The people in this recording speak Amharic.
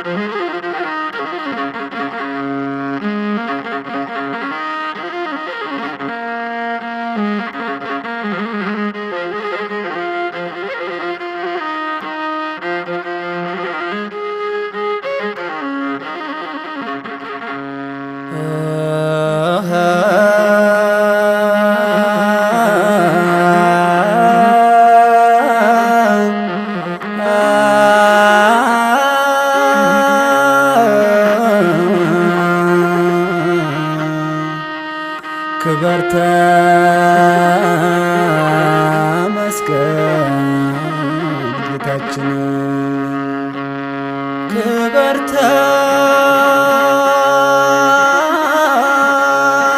Ah. ክበርተ መስቀል ጌታችን ክበርተ